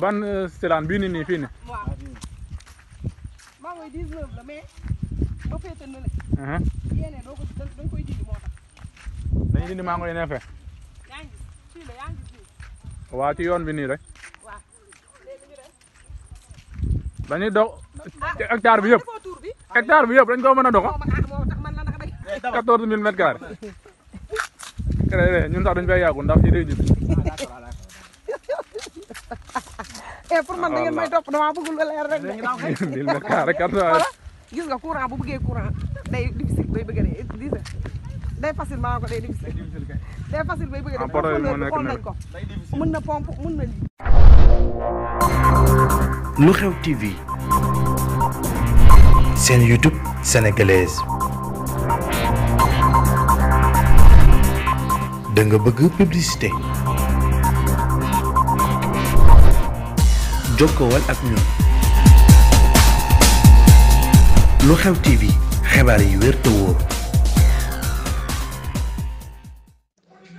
ban euh, selaan bii nii nii fii nii. waaw maa maa ngi lay neefee. yaa yoon bi nii rek. waaw léegi ah. hectare bi yëpp. Ah, hectare bi yëpp dañ ko mën a doxo. 14000 ah, mètres créé ñun sax dañu fay yàggu ndax fii day jub. e pour man da ngeen may topp damaa bëgg lu leer rek de. dil ma kaar kat waaye. gis nga courant bu bëggee courant day difficile day bëgg a dee day facile maa ko day difficile. day facile bay bëgg a dee xool nañ ko. mën na pompe mën na lii. lu xew TV. seen YouTube sénégalaise. da nga bëgg publicité jokkowal ak ñun lu xew TV xibaar yi wér te wóor.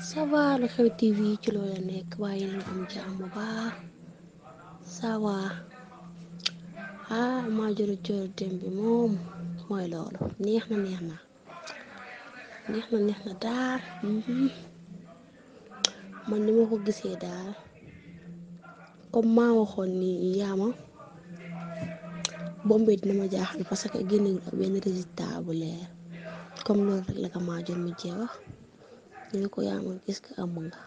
ça lu xew TV ci loolu nekk waaye nañ am jàmm baax ça ah maa jëlu coono dem moom mooy loolu neex na neex na neex na daal. Mhm. man ni ma ko gisee daal comme maa waxoon ni yaama bombe dina ma jaaxal parce que génnewul ak benn résultat bu leer comme loolu rek la ko maa mu jee wax ñu ko yaama gis nga am nga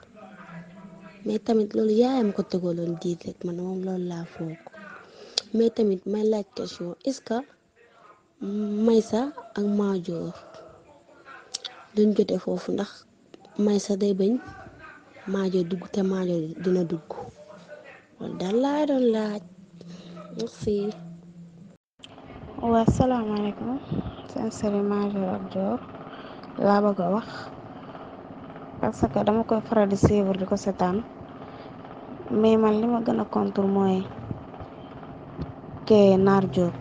mais tamit loolu yaayam ko tegaloon diit rek man moom loolu laa foog mais tamit may laaj question est-ce que Maysa ak Madior duñ jote foofu ndax Maysa day bañ. maajo dugg te maajo dina dugg loolu daal laa doon laaj merci. waa salaamaaleykum seen série Madior ak laa bëgg a wax parce que dama koy faral di suivre di ko seetaan mais man li ma gën a contre mooy kee Naar Diop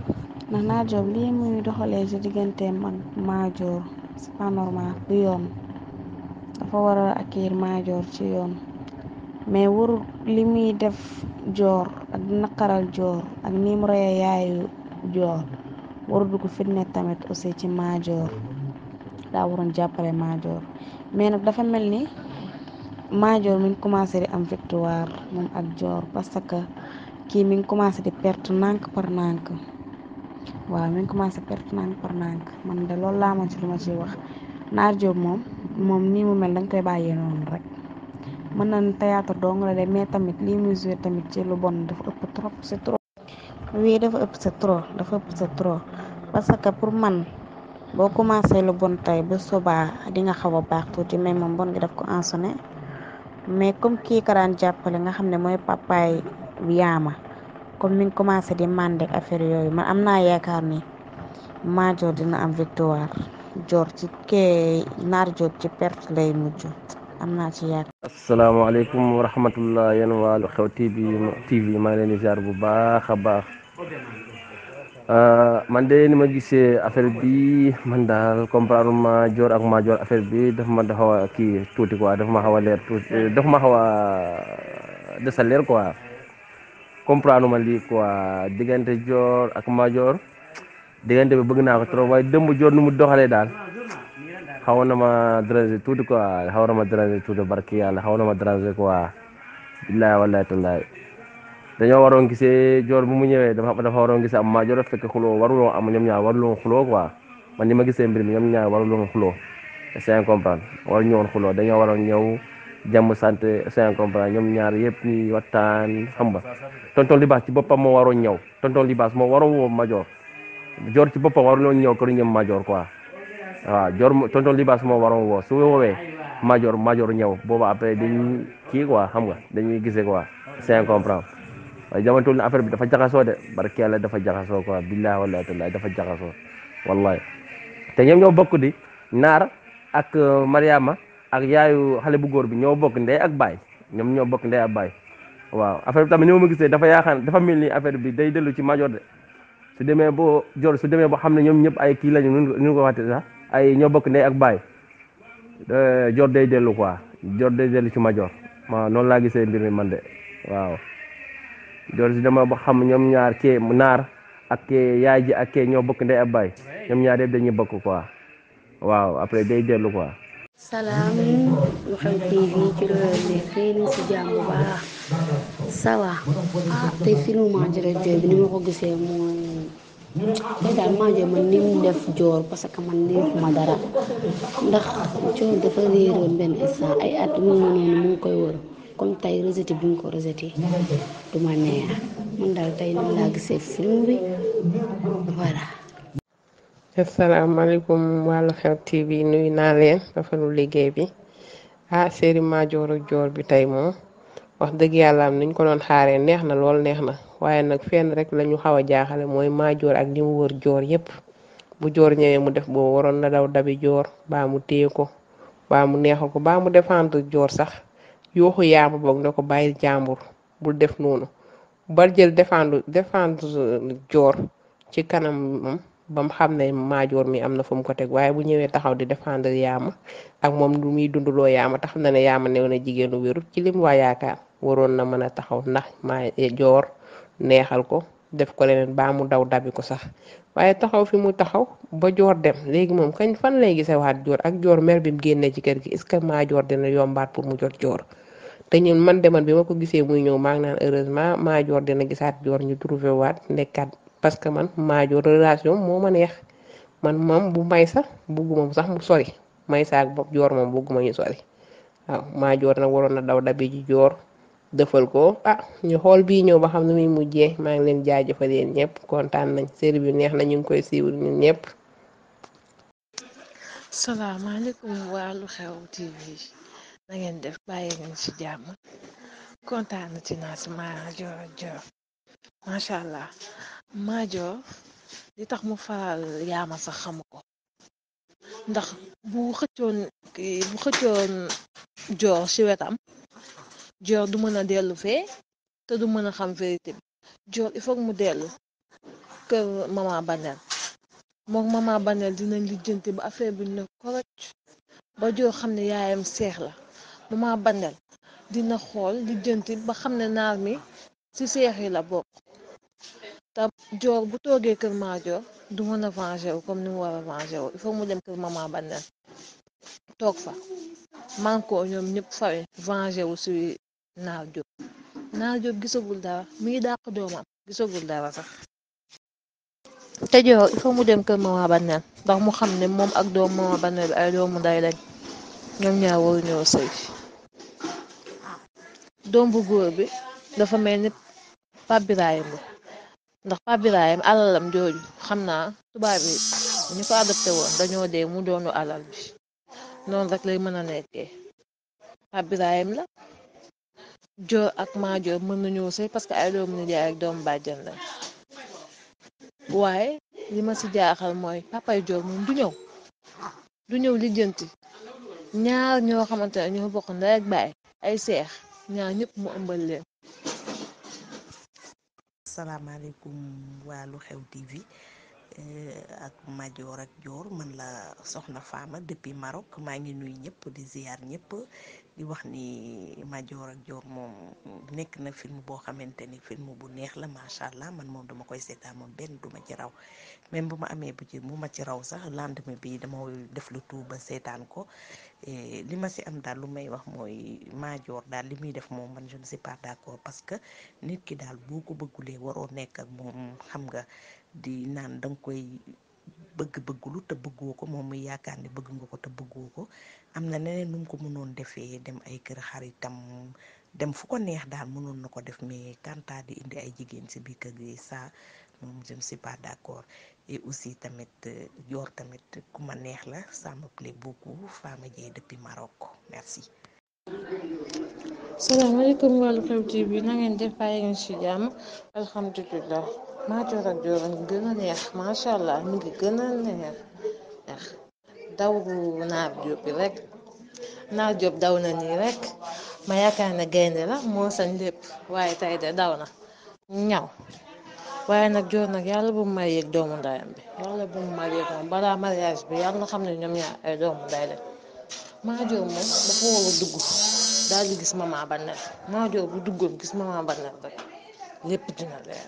ndax Naar Diop lii muy doxalee si digganteem ak Madior normal du yoon. wara accueillir Madior ci yoon mais warul li muy def joor ak naqaral joor ak ni mu reye yaayu Dior waru dugg fitne tamit aussi ci Madior daa waroon jàppale Madior mais nag dafa mel ni Madior mi ngi di am victoire moom ak joor parce que kii mi ngi commencé di perte nànk par nànk waaw mi ngi commencé perte nànk par nànk man de loolu laa man ci lu ma wax naar Diop moom moom nii mu mel danga koy bàyyee noonu rek mën na théâtre dong de mais tamit lii muy tamit ci lu bon dafa ëpp trop c'est trop wii dafa ëpp c'est trop dafa ëpp c'est trop parce que pour man boo commencé lu bon tey ba sobaa di nga xaw a baax tuuti mais moom bon gi daf ko ensonné mais comme kii ka jàppale nga xam ne mooy papaay yaama comme mi ngi commencé di mandek affaire yooyu man am naa yaakaar ni Madior dina am victoire joor ci kee naar joor ci perte lay mujj am naa ci yàq asalaamaaleykum wa rahmatullah yéen waa Xew TV TV maa ngi leen di bu baax a baax euh, man de ni ma gisee affaire bi man daal comprendre ma joor ak maa joor affaire bi daf ma xaw a tuuti quoi daf ma xaw a leer tuuti euh, daf ma xaw a euh, desal leer quoi comprendre ma lii quoi diggante joor ak maa joor diggante bi bëgg naa ko trop waaye dëmb joor nu mu doxalee daal xaw na ma dérangé tuuti quoi xaw na ma dérangé tuuti barki yàlla xaw na ma dérangé quoi billaahi wallaahi tallaahi dañoo waroon gisee joor bu mu ñëwee dafa dafa waroon gisee am maa joor fekk xuloo waruloo am ñoom ñaar waruloo xuloo quoi man ni ma gisee mbir mi ñoom ñaar waruloo xuloo c'est comprendre war ñëwoon xuloo dañoo waroon ñëw jàmm sant c'est comprendre ñoom ñaar yëpp ñuy waxtaan xam nga tonton Libaas ci boppam moo waroon ñëw tonton Libaas moo waroon woo Madior joor ci boppam waruñoo ñëw këru ñoom Major quoi waaw joor tonton Libaas moo waroon woo su woowee Major Major ñëw booba après dañuy kii quoi xam nga dañuy gisee quoi c'est comprendre waaye na affaire bi dafa jaxasoo de barke yàlla dafa jaxasoo quoi billahi wallahi tallahi dafa jaxasoo wallahi te ñoom ñoo bokk di naar ak euh, Mariama ak yaayu xale bu góor bi ñoo bokk ndey ak baay ñoom ñoo bokk ndey baay waaw affaire bi tamit ni ma gisee dafa yaakaar dafa mel ni affaire bi day dellu ci Major de. su demee boo jor su demee boo xam ne ñoom ñëpp ay kii lañu ñu ko waxte sax ay ñoo bokk ndey ak baay euh, jor day dellu quoi jor day dellu ci major waaw noonu laa gisee mbir mi man de waaw jor su demee boo xam ñoom ñaar kee naar ak kee yaay ji ak kee ñoo bokk ndey ak baay ñoom ñaar yëpp dañuy bokk quoi waaw après day dellu quoi. ça va ah tey filmuma jooy bi ni ma ko gisee mooy tey daal maa jooy man ni mu def joor parce que man neexuma dara ndax joor dafa réeroon benn instant ay at mu ngi noonu mu ngi koy wër comme tey rejeté bi nga ko rejeté du neex man daal tey noonu laa gisee film bi voilà. asalaamaaleykum wàllu xew TV nuyu naa leen rafetlu liggéey bi ah série Madior ak Dior bi tey moom. wax dëgg yàlla am niñ ko doon xaaree neex na lool neex na waaye nag fenn rek la ñu xaw a jaaxale mooy maajoor ak li mu wër joor yépp bu joor ñëwee mu def boo waroon na daw dabi joor baa mu téye ko baa mu neexal ko baa mu défendre joor sax yooxu yaamu boog na ko bàyyi jàmbur bul def noonu bal jël défendre défendre joor ci kanamam ba mu xam ne maajoor mi am na fu mu ko teg waaye bu ñëwee taxaw di défendre yaama ak moom du muy dundloo yaama te xam na ne yaama néew na jigéenu wérut ci lim waa yaakaar waroon na mën a taxaw ndax maa eh, joor neexal ko def ko leneen baa mu daw dabi ko sax waaye taxaw fi mu taxaw ba joor dem léegi moom kañ fan lay gisee waat joor ak joor mer bi mu génnee ci kër gi est ce que maa joor dina yombaat pour mu jot joor te ñun man deman bi ma ko gisee muy ñëw maa ngi naan heureusement maa joor dina gisaat joor ñu trouvé waat nekkaat parce que man maa joor relation moo ma neex man moom bu may sax bugguma sax mu sori may saak bopp joor moom bugguma ñu sori waaw maa joor nag waroon na daw dabi ji joor defal ko ah ñu xool bii ñëw ba xam ne muy mujjee maa ngi leen jaajëfal yéen ñëpp kontaan nañ série bi neex na ñu ngi koy siiwul ñun ñëpp. salaamaaleykum waa Lu Xew TV na ngeen def bàyyi ngeen ci jàmm kontaan ci naa si Madior Diop macha allah Madior li tax mu faral yaama sax xamu ko ndax bu xëccoon bu xëccoon joor ci wetam. Dior du mën a dellu fee te du mën a xam vérité bi Dior il faut mu dellu kër mama Banel mook mama Banel dinañ lijjanti ba affaire bi ne koroj xam ne yaayam seex la mama Banel dina xool lijjanti ba xam ne naar mi ci seex yi la bokk te Dior bu toogee kër Madior du mën a venger comme ni mu war a venger mu dem kër mama Banel toog fa man ñoom ñëpp fari venger wu naaw jóg naaw jóg gisagul dara mi ngi doomam gisagul dara sax te joor il mu dem kër mama banneel ndax mu xam ne moom ak doom mama banneel ay doomu nday ñoom ñaar waruñoo sëy doom bu góor bi dafa mel ni Pape Birahim la ndax Pape alalam jooju xam naa tubaab yi ñu ko adopté woon dañoo dee mu doonu alal bi noonu rek lay mën a nekkee Pape la Dior ak Madior mën nañoo sëy parce que ay doomu nijaay ak doomu bàjjan lañ waaye li ma ci jaaxal mooy papay Dior moom du ñëw du ñëw lijjanti ñaar ñoo xamante ne ñoo bokk ndey ak baay ay seex ñaar ñëpp mu ëmbal leen. salaamaaleykum waa Lu Xew TV. Eh, ak Madior ak Dior man la soxna Fama depuis Maroc maa ngi nuyu ñëpp di ziar ñëpp di wax ni Madior ak Dior moom nekk na film boo xamante ni film bu neex la macha allah man moom dama koy seetaan moom benn duma ci raw même bu ma amee bu ci mu ma ci raw sax lendemain bi dama def lu tuub ba seetaan ko Eh, li ma si am daal lu may wax mooy maajoor daal li muy def moom man je si suis pas d'accord parce que nit ki daal boo ko bëggulee waroo nekk ak moom xam nga di naan danga koy bëgg-bëggulu te bëggoo ko moom muy yaakaar ne bëgg nga ko te bëggoo ko am na neneen nu mu ko mënoon defee dem ay kër xaritam dem fu ko neex daal mënoon na ko def mais kanta di indi ay jigéen si biir kër gi saa moom je ne suis aussi tamit joor euh, tamit ma neex la ça me plaît beaucoup Fama Dieye depuis xew TV bi na ngeen def ngi ngeen ci jàmm alhamdulilah maa joor ak joor a ngi gën a neex macha allah mi gën a daw naar Jóob bi rek naar Jóob daw na nii rek ma yaakaar ne gaynde la moo sañ lépp waaye tey de daw na ñaw. waaye nag joor nag yàlla bu mu marié doomu ndayam bi yàlla bu mu marié ak moom balaa bi yàlla na xam ne ñoom ñaar ay doomu nday lañ maajoor moom dafa gis maman Banel maajoor bu duggoon gis maman rek lépp dina leer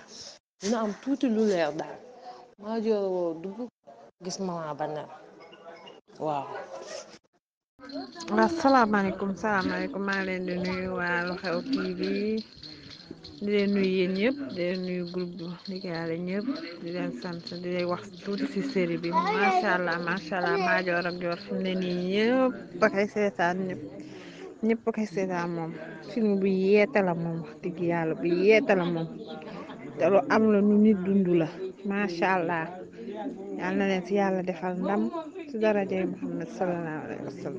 dina am tuuti lu leer daal maajoor woo dugg gis maman Banel waaw. waaw salaamaaleykum salaamaaleykum maa leen di waa Lu Xew TV. di leen nuyu yéen ñëpp di nuyu groupe liggéeyale ñëpp di leen sant di leen wax tuuti si série bi macha allah macha allah maa joor ak joor fi mu ne a koy seetaan ñëpp a koy seetaan moom film bu yeete moom wax dëgg yàlla bu yeete moom te lu am la nu nit dund la macha allah yal na leen si yàlla defal ndam si darajay Muhammad sallallahu alayhi